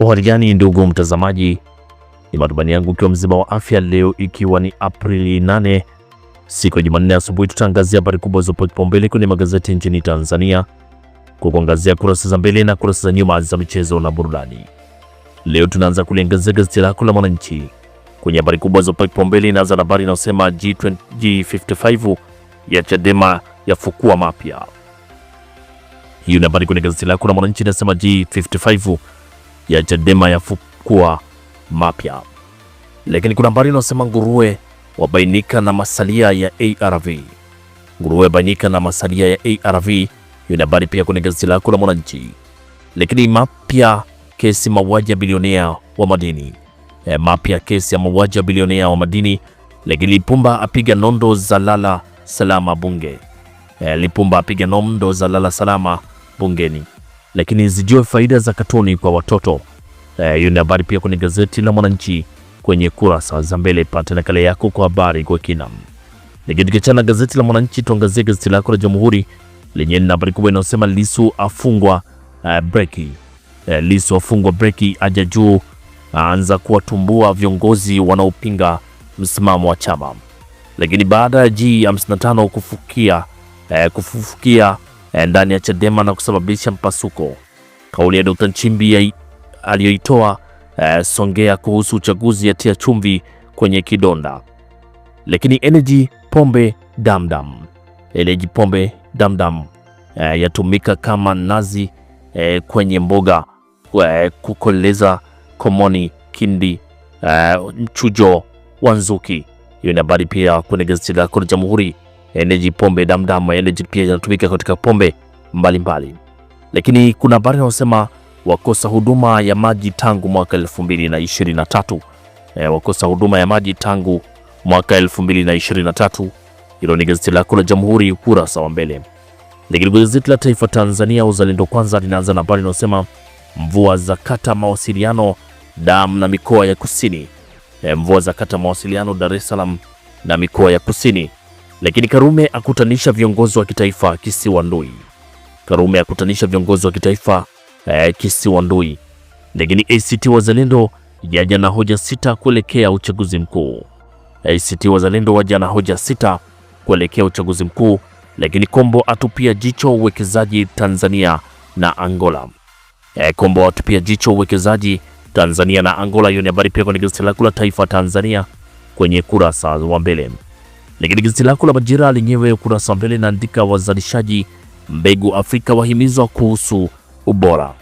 Uhali gani ndugu mtazamaji, ni matumaini yangu ikiwa mzima wa afya. Leo ikiwa ni Aprili 8 siku ya Jumanne asubuhi, tutaangazia habari kubwa zopewa kipaumbele kwenye magazeti nchini Tanzania kwa kuangazia kurasa za mbele na kurasa za nyuma za michezo na burudani. Leo tunaanza kuliangazia gazeti lako la Mwananchi kwenye habari kubwa zopewa kipaumbele. Inaanza na habari inayosema G55 ya Chadema yafukua mapya. Hiyo ni habari kwenye gazeti lako la Mwananchi inasema G55 ya Chadema yafukua mapya. Lakini kuna habari inasema nguruwe wabainika na masalia ya ARV. Nguruwe wabainika na masalia ya ARV, hiyo ni habari pia kwenye gazeti lako la Mwananchi. Lakini mapya kesi mauaji ya bilionea wa madini e, mapya kesi ya mauaji ya bilionea wa madini. Lakini Lipumba apiga nondo za lala salama bunge e, eh, Lipumba apiga nondo za lala salama bungeni lakini zijue faida za katuni kwa watoto. Eh, hiyo ni habari pia kwenye gazeti la Mwananchi kwenye kurasa za mbele. Pata nakala yako kwa habari kwa kina. Nikiachana gazeti la Mwananchi, tuangazie gazeti lako la Jamhuri lenye lina habari kubwa inayosema Lisu afungwa uh, breki uh, eh, Lisu afungwa breki aja juu aanza uh, kuwatumbua viongozi wanaopinga msimamo wa chama. Lakini baada ya G55 kufukia uh, kufufukia Eh, ndani ya Chadema na kusababisha mpasuko. Kauli ya Dr. Nchimbi aliyoitoa eh, Songea kuhusu uchaguzi yatia chumvi kwenye kidonda. Lakini Energy Pombe Damdam, Energy Pombe Damdam eh, yatumika kama nazi eh, kwenye mboga eh, kukoleza Komoni Kindi eh, mchujo wa Nzuki. Hiyo ni habari pia kwenye gazeti lako la Jamhuri energy pombe damdam. Energy pia inatumika katika pombe mbalimbali mbali. Lakini kuna habari inayosema wakosa huduma ya maji tangu mwaka 2023. E, eh, wakosa huduma ya maji tangu mwaka 2023. Hilo ni gazeti lako la Jamhuri ukurasa wa mbele. Lakini gazeti la Taifa Tanzania Uzalendo Kwanza linaanza na habari inayosema mvua za kata mawasiliano damu na mikoa ya kusini. E, mvua za kata mawasiliano Dar es Salaam na mikoa ya kusini. Lakini Karume akutanisha viongozi wa kitaifa Ndui. Karume akutanisha viongozi wa kitaifa eh, Ndui. Lakini ACT Wazalendo yaja na hoja sita kuelekea uchaguzi mkuu. ACT Wazalendo waja na hoja sita kuelekea uchaguzi mkuu. Lakini Kombo atupia jicho uwekezaji Tanzania na Angola. Eh, Kombo atupia jicho uwekezaji Tanzania na Angola. Hiyo ni habari pia kwenye gazeti lako la Taifa Tanzania kwenye kurasa wa mbele. Lakini gazeti lako la Majira lenyewe ukurasa wa mbele inaandika wazalishaji mbegu Afrika wahimizwa kuhusu ubora.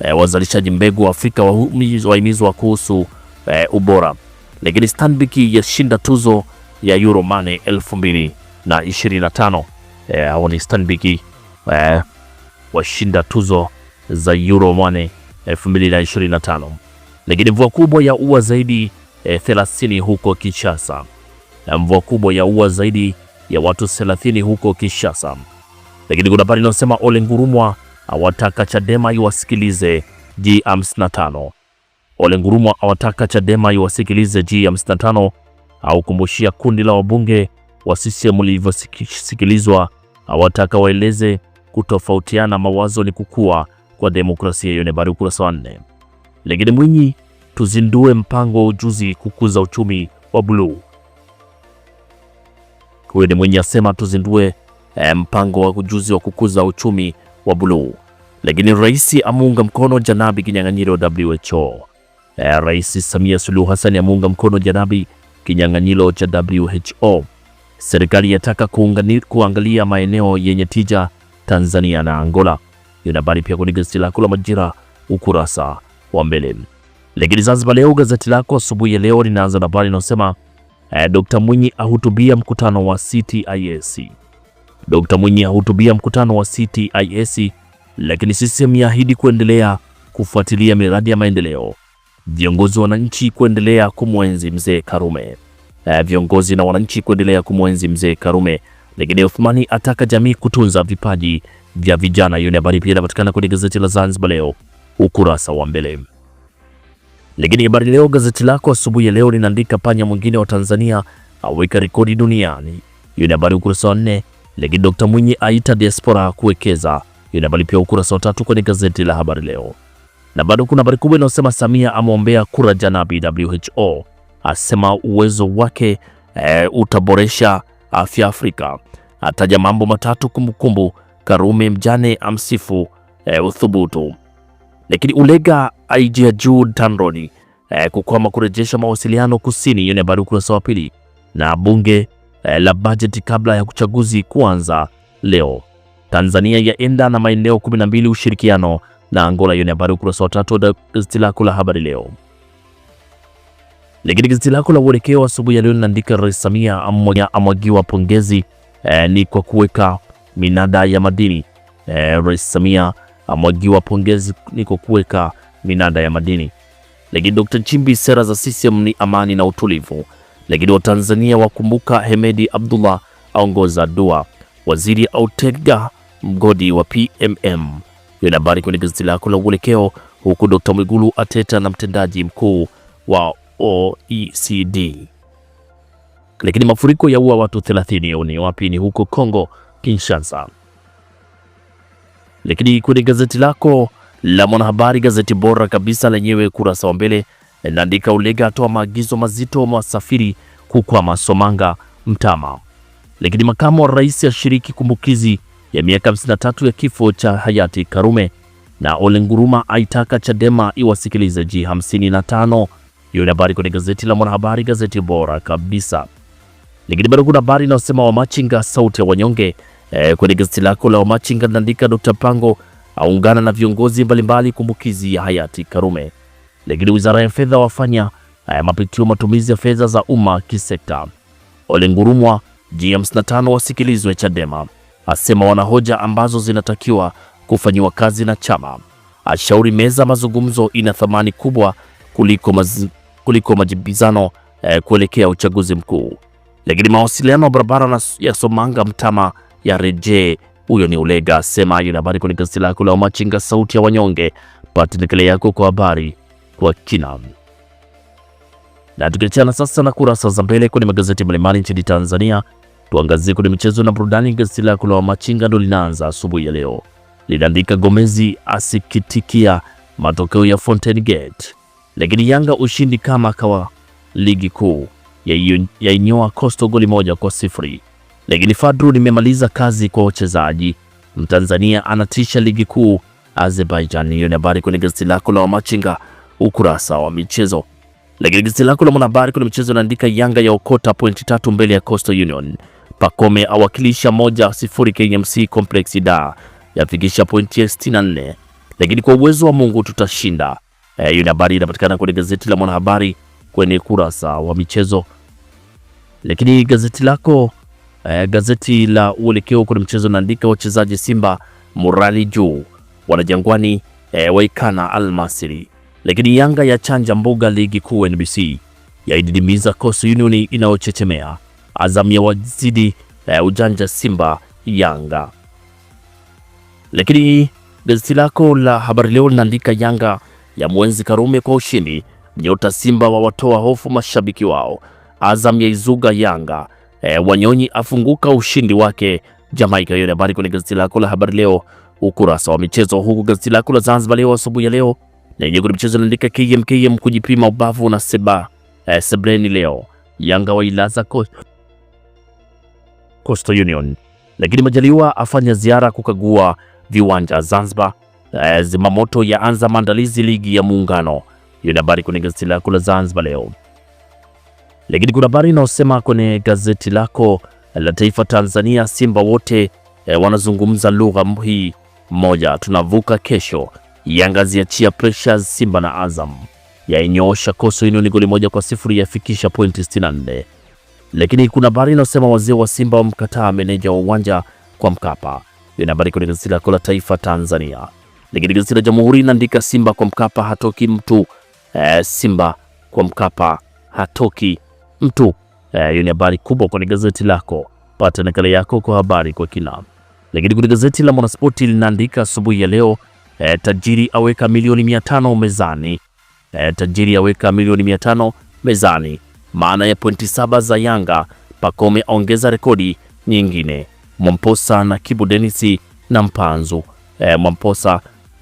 E, wazalishaji mbegu Afrika wahimizwa kuhusu e, ubora. Lakini Stanbic yashinda tuzo ya Money 2025. Eh, hao ni Stanbic eh, washinda tuzo za Money 2025. Lakini mvua kubwa ya ua zaidi e, 30 huko Kinshasa na mvua kubwa ya ua zaidi ya watu 30 huko kishasa Lakini kuna habari inayosema Ole Ngurumwa awataka Chadema iwasikilize G55. Ole Ngurumwa awataka Chadema iwasikilize G55 au kumbushia kundi la wabunge wa CCM lilivyosikilizwa. Awataka waeleze kutofautiana mawazo ni kukua kwa demokrasia. Hiyo ni habari ukurasa wa nne. Lakini Mwinyi, tuzindue mpango wa ujuzi kukuza uchumi wa bluu. Huyo ni mwenye asema tuzindue eh, mpango wa ujuzi wa kukuza uchumi wa buluu, lakini rais amuunga mkono Janabi kinyang'anyiro WHO. Eh, rais Samia Suluhu Hassan amuunga mkono Janabi kinyang'anyiro cha WHO. Serikali yataka kuangalia maeneo yenye tija Tanzania na Angola. Hiyo ni habari pia kwenye gazeti lako la Majira ukurasa wa mbele. Lakini Zanzibar Leo, gazeti lako asubuhi ya leo linaanza na habari inayosema E, eh, Dr. Mwinyi ahutubia mkutano wa CTIS. Dr. Mwinyi ahutubia mkutano wa CTIS, lakini CCM yaahidi kuendelea kufuatilia miradi ya maendeleo. Viongozi wananchi kuendelea kumwenzi mzee Karume. E, viongozi na wananchi kuendelea kumwenzi mzee Karume, lakini uthmani ataka jamii kutunza vipaji vya vijana. Hiyo ni habari pia inapatikana kwenye gazeti la Zanzibar leo ukurasa wa mbele. Lakini habari leo gazeti lako asubuhi ya leo linaandika panya mwingine wa Tanzania aweka rekodi duniani. Hiyo ni habari ukurasa wa nne. Lakini Dr. Mwinyi aita diaspora kuwekeza. Hiyo ni habari pia ukurasa wa tatu kwenye gazeti la habari leo. Na bado kuna habari kubwa inayosema Samia amwombea kura jana WHO. Asema uwezo wake e, utaboresha afya Afrika. Ataja mambo matatu kumbukumbu. Karume mjane amsifu e, uthubutu lakini Ulega aijia juu Tanroni eh, kukwama kurejesha mawasiliano kusini. Hiyo ni habari ukurasa wa pili. Na bunge eh, la bajeti kabla ya uchaguzi kuanza leo. Tanzania yaenda na maeneo 12 ushirikiano na Angola. Hiyo ni habari ukurasa wa tatu wa gazeti lako la habari leo. Lakini gazeti lako la uelekeo asubuhi ya leo linaandika Rais Samia amwagiwa pongezi eh, ni kwa kuweka minada ya madini eh, Rais Samia amwagiwa pongezi niko kuweka minada ya madini. Lakini Dr. chimbi sera za CCM ni amani na utulivu. Lakini Watanzania wakumbuka Hemedi Abdullah aongoza dua, waziri autega mgodi wa PMM. Hiyo ni habari kwenye gazeti lako la Uelekeo, huku Dr. Mwigulu ateta na mtendaji mkuu wa OECD. Lakini mafuriko yaua watu 30, ni wapi? Ni huko Kongo Kinshasa. Lakini kwenye gazeti lako la Mwanahabari, gazeti bora kabisa lenyewe, kurasa wa mbele naandika Ulega atoa maagizo mazito wasafiri kukwama Somanga Mtama. Lakini makamu wa rais ashiriki kumbukizi ya miaka 53 ya kifo cha hayati Karume na Ole Nguruma aitaka Chadema iwasikilize G55. Hiyo ni habari kwenye gazeti la Mwanahabari, gazeti bora kabisa. Lakini bado kuna habari inayosema wamachinga sauti ya wanyonge Eh, kwenye gazeti lako la Wamachinga linaandika Dr. pango aungana na viongozi mbalimbali kumbukizi ya hayati Karume. Lakini wizara ya fedha wafanya eh, mapitio matumizi ya fedha za umma kisekta. Ole Ngurumwa G55 wasikilizwe Chadema, asema wanahoja ambazo zinatakiwa kufanyiwa kazi na chama, ashauri meza mazungumzo ina thamani kubwa kuliko, maz... kuliko majibizano eh, kuelekea uchaguzi mkuu. Lakini mawasiliano barabara barabara ya Somanga Mtama ya rejee. Huyo ni Ulega sema hiyo. na habari kwenye gazeti lako la Machinga, sauti ya wanyonge. Pata nakala yako kwa habari kwa kina. Na tukiachana sasa na kurasa za mbele kwenye magazeti mbalimbali nchini Tanzania, tuangazie kwenye michezo na burudani. Gazeti lako la Machinga ndo linaanza asubuhi ya leo, linaandika Gomezi asikitikia matokeo ya Fountain Gate, lakini Yanga ushindi kama kawa ligi kuu yainyoa Coastal goli moja kwa sifuri. Lakini Fadru, nimemaliza kazi kwa wachezaji. Mtanzania anatisha ligi kuu Azerbaijan. Hiyo ni habari kwenye gazeti lako la Wamachinga ukurasa wa michezo. Lakini gazeti lako la Mwanahabari kwenye michezo inaandika Yanga ya okota pointi tatu mbele ya Coastal Union. Pakome awakilisha moja sifuri KMC Complex da yafikisha pointi ya 64. Lakini kwa uwezo wa Mungu tutashinda. Eh, hiyo ni habari inapatikana kwenye gazeti la Mwanahabari kwenye kurasa wa michezo. Lakini gazeti lako eh, gazeti la Uelekeo kuna mchezo naandika wachezaji Simba morali juu, wanajangwani eh, waikana Almasiri, lakini Yanga ya chanja mbuga ligi kuu NBC yaididimiza Coastal Union inayochechemea Azam ya wazidi eh, ujanja Simba Yanga. Lakini gazeti lako la Habari Leo linaandika Yanga ya mwenzi Karume kwa ushindi, nyota Simba wawatoa hofu mashabiki wao, Azam ya izuga Yanga e, Wanyonyi afunguka ushindi wake Jamaika. Hiyo ni habari kwenye gazeti lako la habari leo ukurasa wa michezo, huku gazeti lako la Zanzibar leo asubuhi ya leo lenye kwenye michezo linaandika KMKM kujipima ubavu na seba e, sebreni leo Yanga wailaza Coastal Union, lakini Majaliwa afanya ziara kukagua viwanja Zanzibar. E, zimamoto yaanza maandalizi ligi ya Muungano. Hiyo ni habari kwenye gazeti lako la Zanzibar leo. Lakini kuna habari inayosema kwenye gazeti lako la Taifa Tanzania, Simba wote e, wanazungumza lugha hii moja, tunavuka kesho. Yanga ziachia pressure Simba na Azam, yainyoosha koso ino ni goli moja kwa sifuri, yafikisha pointi 64. Lakini kuna habari inayosema wazee wa Simba wamkataa meneja wa uwanja kwa Mkapa. Hiyo ni habari kwenye gazeti lako la Taifa Tanzania. Lakini gazeti la Jamhuri inaandika Simba kwa Mkapa hatoki mtu. E, Simba kwa Mkapa hatoki mtu. Eh, hiyo ni habari kubwa kwenye gazeti lako, pata nakala yako kwa habari kwa kina. Lakini kwenye gazeti la Mwanaspoti linaandika asubuhi ya leo e, tajiri aweka milioni mia tano mezani e, tajiri aweka milioni mia tano mezani, maana ya pointi saba za Yanga. pakome aongeza rekodi nyingine. Mwamposa na Kibu Dennis na Mpanzu e, Mwamposa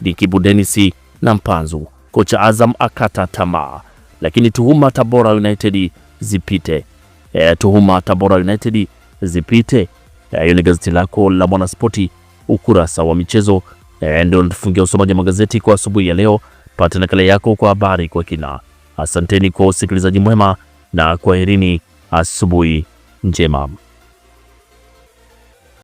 ni Kibu Dennis na Mpanzu. Kocha Azam akata tamaa, lakini tuhuma Tabora United zipite e, tuhuma Tabora United zipite. Eh, hiyo e, ni gazeti lako la Mwanaspoti ukurasa wa michezo e, ndio natufungia usomaji wa magazeti kwa asubuhi ya leo. Pata nakala yako kwa habari kwa kina. Asanteni kwa usikilizaji mwema na kwaherini, asubuhi njema.